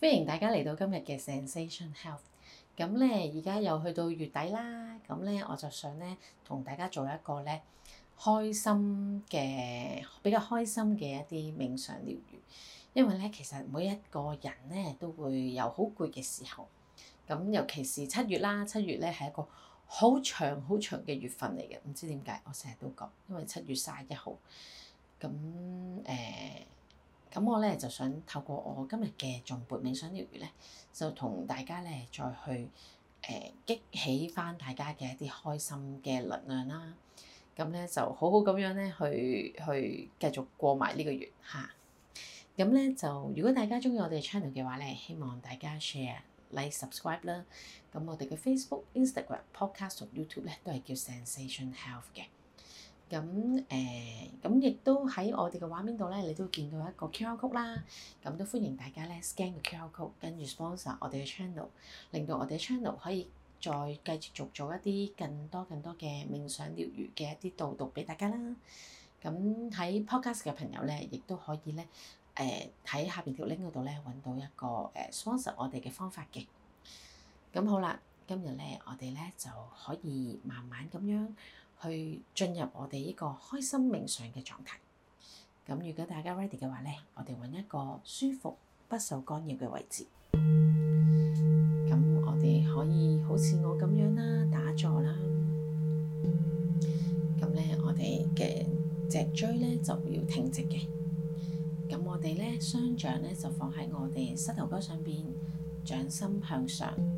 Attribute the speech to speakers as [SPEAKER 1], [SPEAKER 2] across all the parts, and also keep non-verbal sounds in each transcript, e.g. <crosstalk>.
[SPEAKER 1] 歡迎大家嚟到今日嘅 Sensation Health。咁咧，而家又去到月底啦。咁咧，我就想咧同大家做一個咧開心嘅比較開心嘅一啲冥想療癒。因為咧，其實每一個人咧都會有好攰嘅時候。咁尤其是七月啦，七月咧係一個好長好長嘅月份嚟嘅。唔知點解我成日都講，因為七月三十一號。咁誒。呃咁我咧就想透過我今日嘅頌缽冥想療癒咧，就同大家咧再去誒、呃、激起翻大家嘅一啲開心嘅能量啦。咁咧就好好咁樣咧去去繼續過埋呢個月嚇。咁、啊、咧就如果大家中意我哋嘅 channel 嘅話咧，希望大家 share、like、subscribe 啦。咁我哋嘅 Facebook、Instagram、Podcast 同 YouTube 咧都係叫 Zensation Health 嘅。咁誒，咁亦都喺我哋嘅畫面度咧，你都見到一個 QR Code 啦。咁都歡迎大家咧 scan 個 QR Code，跟住 sponsor 我哋嘅 channel，令到我哋嘅 channel 可以再繼續做一啲更多更多嘅冥想療愈嘅一啲導讀俾大家啦。咁喺 podcast 嘅朋友咧，亦都可以咧誒喺下邊條 link 嗰度咧揾到一個誒 sponsor 我哋嘅方法嘅。咁好啦，今日咧我哋咧就可以慢慢咁樣，去進入我哋呢個開心冥想嘅狀態。咁如果大家 ready 嘅話咧，我哋搵一個舒服、不受干擾嘅位置。咁我哋可以好似我咁樣啦，打坐啦。咁咧，我哋嘅脊椎咧就要挺直嘅。咁我哋咧雙掌咧就放喺我哋膝頭哥上邊，掌心向上。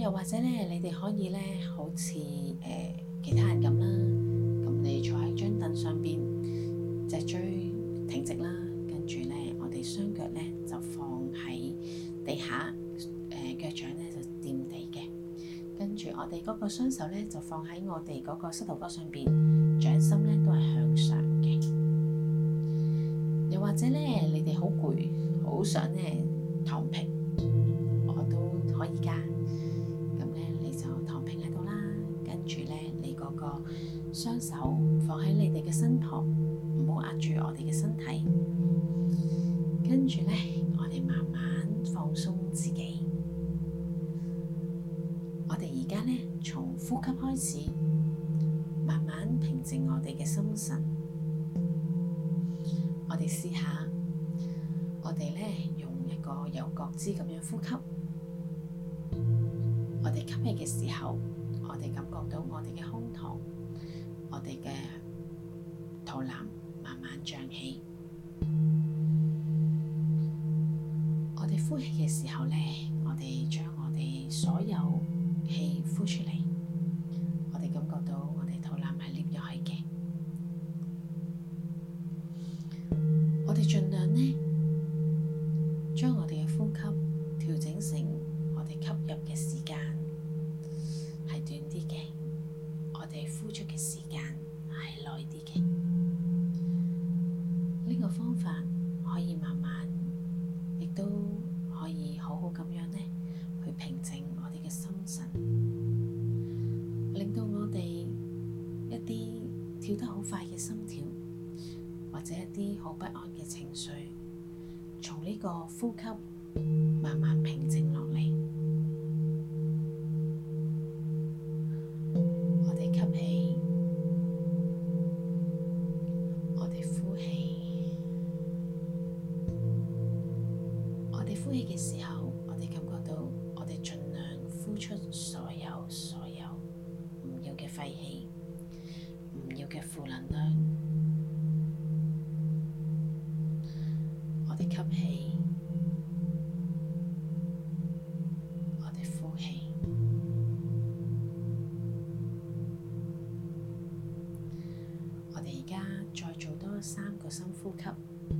[SPEAKER 1] 又或者咧，你哋可以咧，好似誒、呃、其他人咁啦，咁你坐喺張凳上邊，脊椎挺直啦，跟住咧，我哋雙腳咧就放喺地下，誒、呃、腳掌咧就掂地嘅，跟住我哋嗰個雙手咧就放喺我哋嗰個膝頭哥上邊，掌心咧都係向上嘅。又或者咧，你哋好攰，好想咧躺平，我都可以噶。雙手放喺你哋嘅身旁，唔好壓住我哋嘅身體。跟住咧，我哋慢慢放鬆自己。我哋而家咧，從呼吸開始，慢慢平靜我哋嘅心神。我哋試下，我哋咧用一個有覺知咁樣呼吸。我哋吸氣嘅時候。我哋感覺到我哋嘅胸膛、我哋嘅肚腩慢慢脹起。我哋呼氣嘅時候咧，我哋將我哋所有，跳得好快嘅心跳，或者一啲好不安嘅情緒，從呢個呼吸慢慢平靜落嚟。三個深呼吸。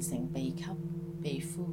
[SPEAKER 1] 成鼻吸鼻呼。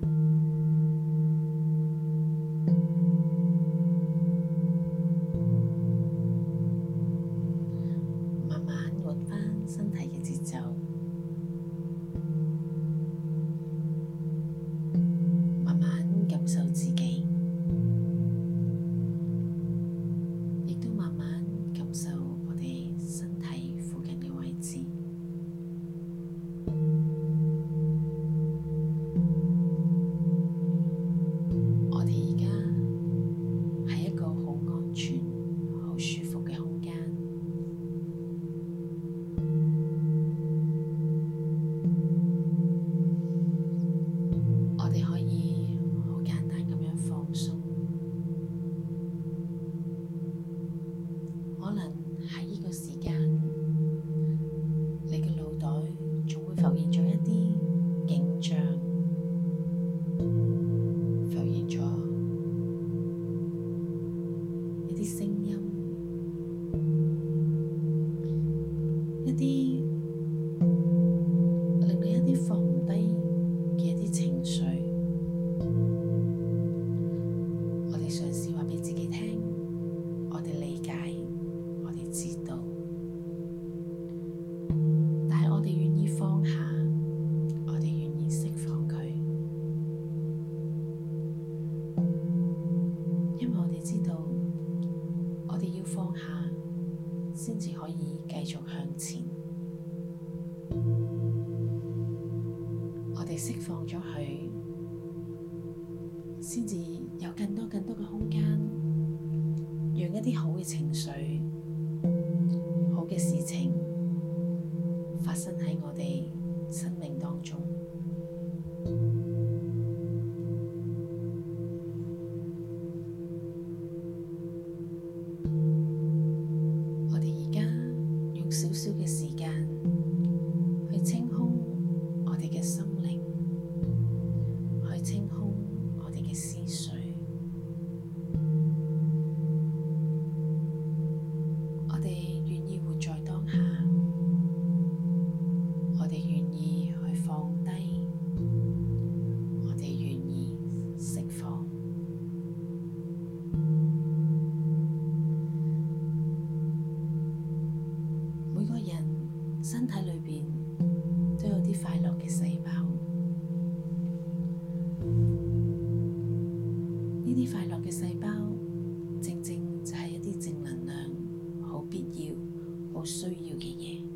[SPEAKER 1] 好需要嘅嘢。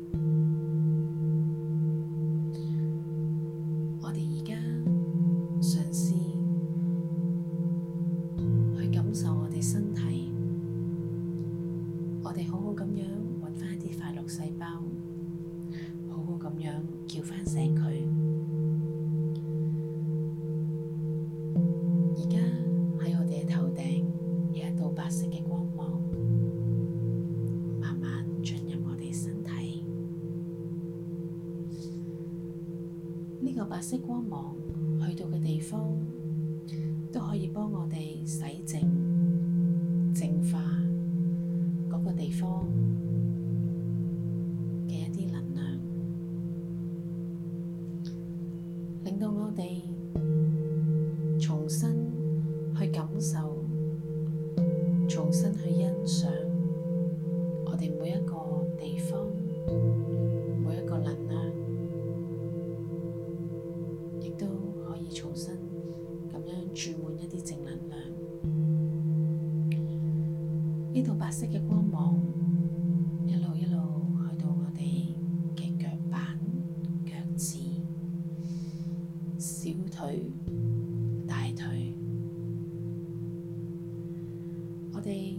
[SPEAKER 1] 我哋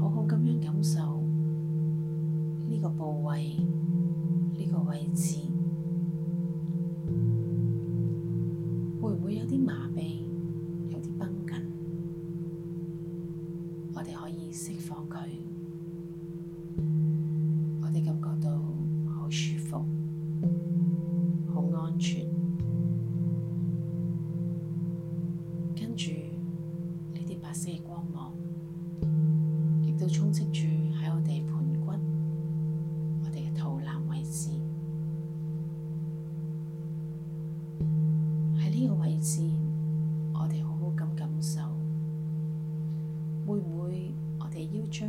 [SPEAKER 1] 好好咁樣感受呢個部位，呢個位置，會唔會有啲麻痹，有啲繃緊？我哋可以釋放佢。會唔會我哋腰椎？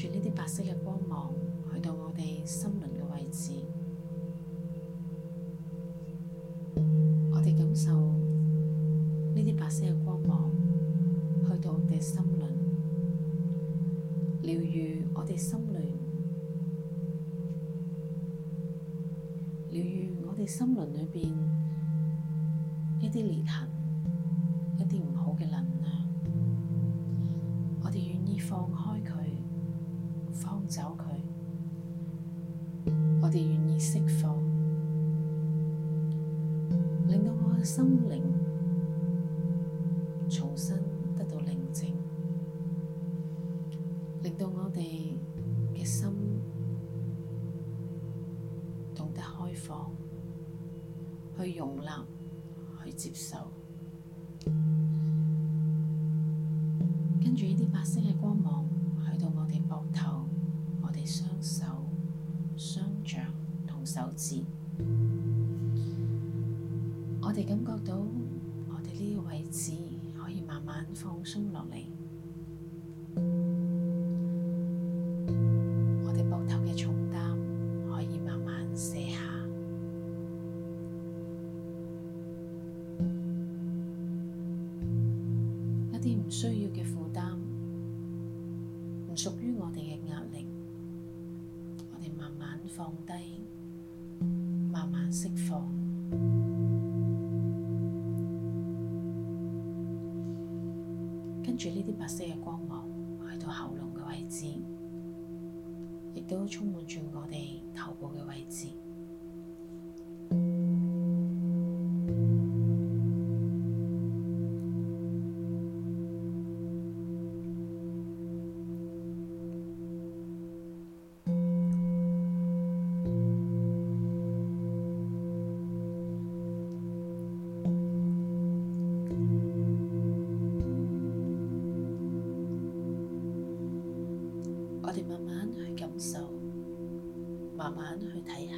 [SPEAKER 1] 住呢啲白色嘅光芒，去到我哋心輪嘅位置。我哋感受呢啲白色嘅光芒，去到我哋心輪，療癒我哋心輪，療癒我哋心輪裏面呢啲裂痕。去容納，去接受。跟住呢啲白色嘅光芒去到我哋膊頭，我哋雙手、雙掌同手指，我哋感覺到我哋呢個位置可以慢慢放鬆落嚟。唔需要嘅負擔，唔屬於我哋嘅壓力，我哋慢慢放低，慢慢釋放。跟住呢啲白色嘅光芒去到喉嚨嘅位置，亦都充滿住我哋頭部嘅位置。慢慢去睇下，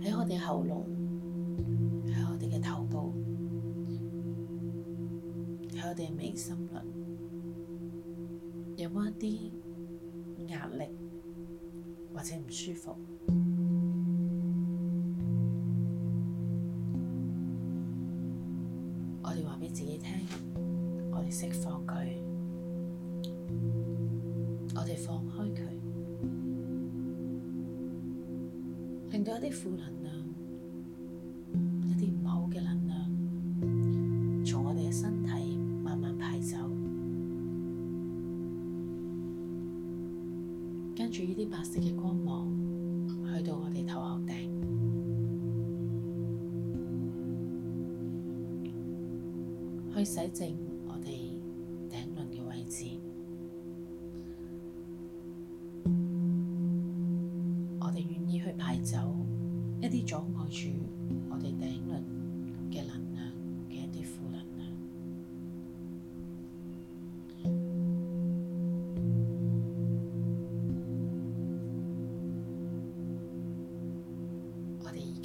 [SPEAKER 1] 喺我哋喉嚨，喺我哋嘅頭部，喺我哋嘅眉心裏，有冇一啲壓力或者唔舒服？我哋話俾自己聽，我哋釋放佢。而家啲負能量。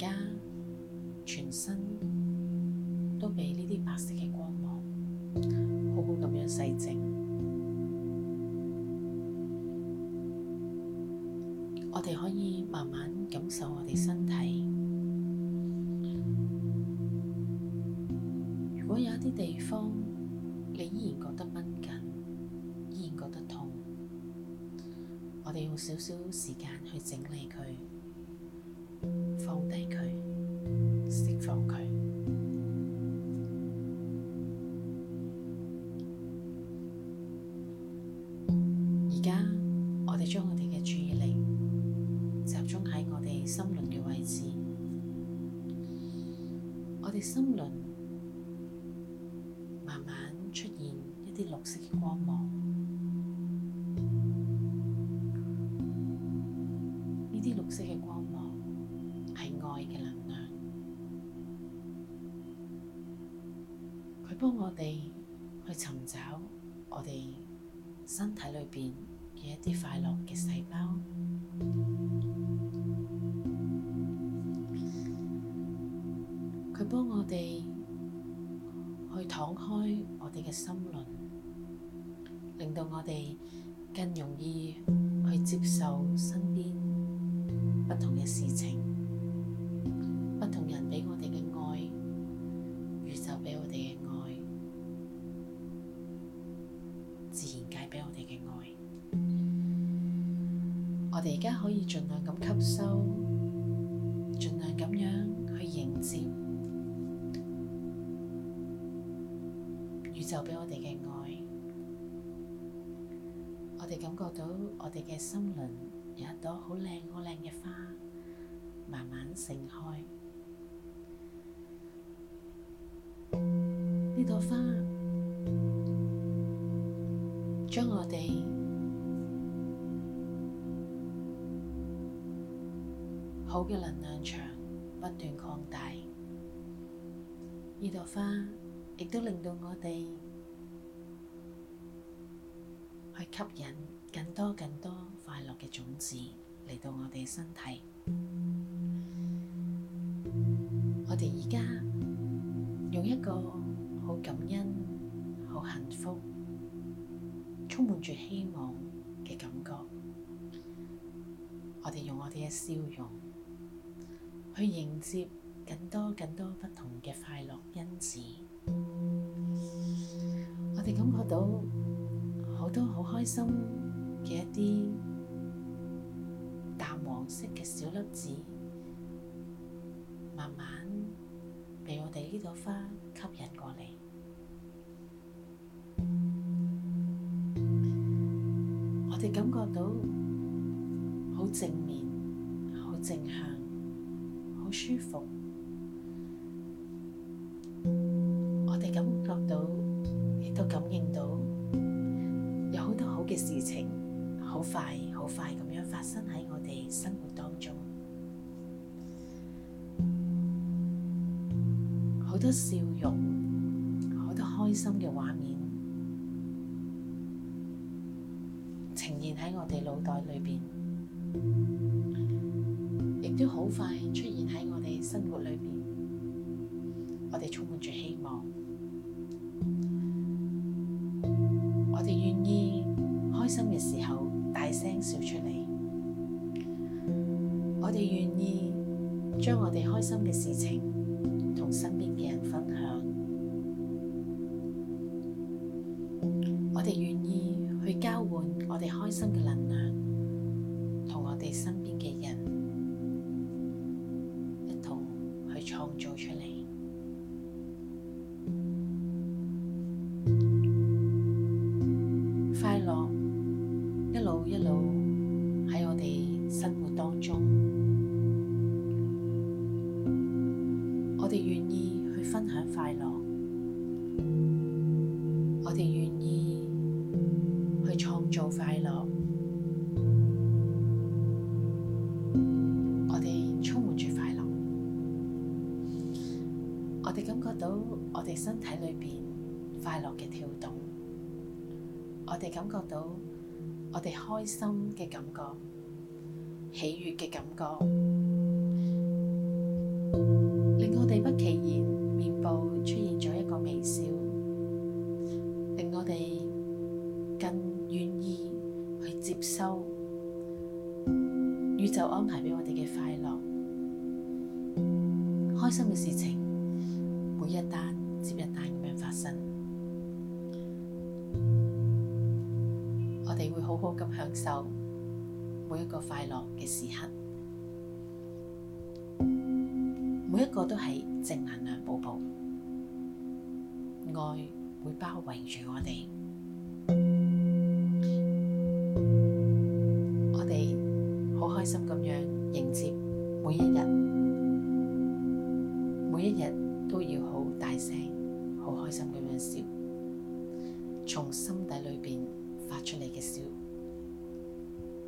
[SPEAKER 1] 而家全身都俾呢啲白色嘅光芒，好好咁樣洗淨。我哋可以慢慢感受我哋身體。如果有一啲地方你依然覺得繃緊，依然覺得痛，我哋用少少時間去整理佢。心輪慢慢出現一啲綠色嘅光芒，呢啲綠色嘅光芒係愛嘅能量，佢幫我哋去尋找我哋身體裏邊嘅一啲快樂嘅細胞。我哋嘅心輪，令到我哋更容易去接受身邊不同嘅事情，不同人俾我哋嘅愛，宇宙俾我哋嘅愛，自然界畀我哋嘅愛，我哋而家可以盡量咁吸收，盡量咁樣去迎接。就俾我哋嘅愛，我哋感覺到我哋嘅心靈有一朵好靚、好靚嘅花，慢慢盛開。呢朵花將我哋好嘅能量場不斷擴大。呢朵花。亦都令到我哋去吸引更多更多快樂嘅種子嚟到我哋身體。 <noise> 我哋而家用一個好感恩、好幸福、充滿住希望嘅感覺，我哋用我哋嘅笑容去迎接更多更多不同嘅快樂因子。你感覺到好多好開心嘅一啲淡黃色嘅小粒子，慢慢被我哋呢朵花吸引過嚟。我哋感覺到好正面、好正向、好舒服。快，好快咁樣發生喺我哋生活當中，好多笑容，好多開心嘅畫面呈現喺我哋腦袋裏邊，亦都好快出現喺我哋生活裏邊，我哋充滿住希望。笑出嚟，我哋願意將我哋開心嘅事情同身邊嘅人分享，我哋願意去交換我哋開心嘅能量。一路喺我哋生活當中，我哋願意去分享快樂，我哋願意去創造快樂，我哋充滿住快樂，我哋感覺到我哋身體裏邊快樂嘅跳動，我哋感覺到。我哋開心嘅感覺，喜悅嘅感覺，令我哋不期然面部出現咗一個微笑，令我哋更願意去接收宇宙安排俾我哋嘅快樂、開心嘅事情。享受每一個快樂嘅時刻，每一個都係正能量寶寶，愛會包圍住我哋，我哋好開心咁樣迎接每一日，每一日都要好大聲，好開心咁樣笑，從心底裏邊發出嚟嘅笑。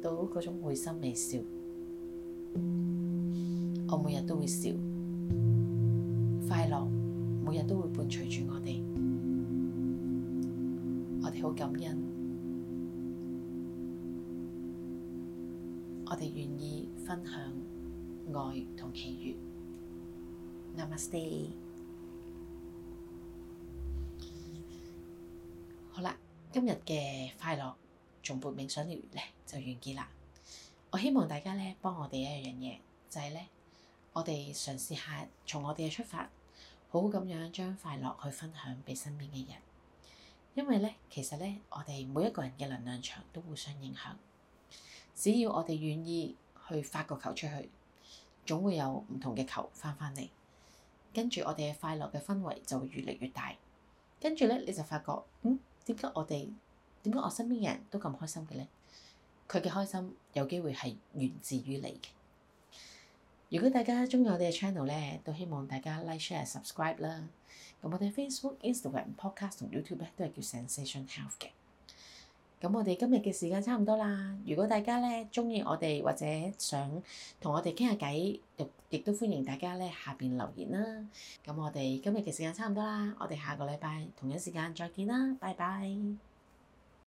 [SPEAKER 1] 到嗰種會心微笑，我每日都會笑，快樂每日都會伴隨住我哋，我哋好感恩，我哋願意分享愛同喜悅。Namaste。好啦，今日嘅快樂。頌缽冥想療癒咧，就完結啦。我希望大家咧幫我哋一樣嘢，就係咧，我哋嘗試下從我哋嘅出發，好好咁樣將快樂去分享俾身邊嘅人，因為咧其實咧，我哋每一個人嘅能量場都互相影響。只要我哋願意去發個球出去，總會有唔同嘅球返返嚟，跟住我哋嘅快樂嘅氛圍就越嚟越大。跟住咧你就發覺，嗯，點解我哋？點解我身邊嘅人都咁開心嘅咧？佢嘅開心有機會係源自於你嘅。如果大家中意我哋嘅 channel 咧，都希望大家 like share subscribe 啦。咁我哋 Facebook、Instagram、Podcast 同 YouTube 咧都係叫 Zensation Health 嘅。咁我哋今日嘅時間差唔多啦。如果大家咧中意我哋或者想同我哋傾下偈，亦都歡迎大家咧下邊留言啦。咁我哋今日嘅時間差唔多啦，我哋下個禮拜同樣時間再見啦，拜拜。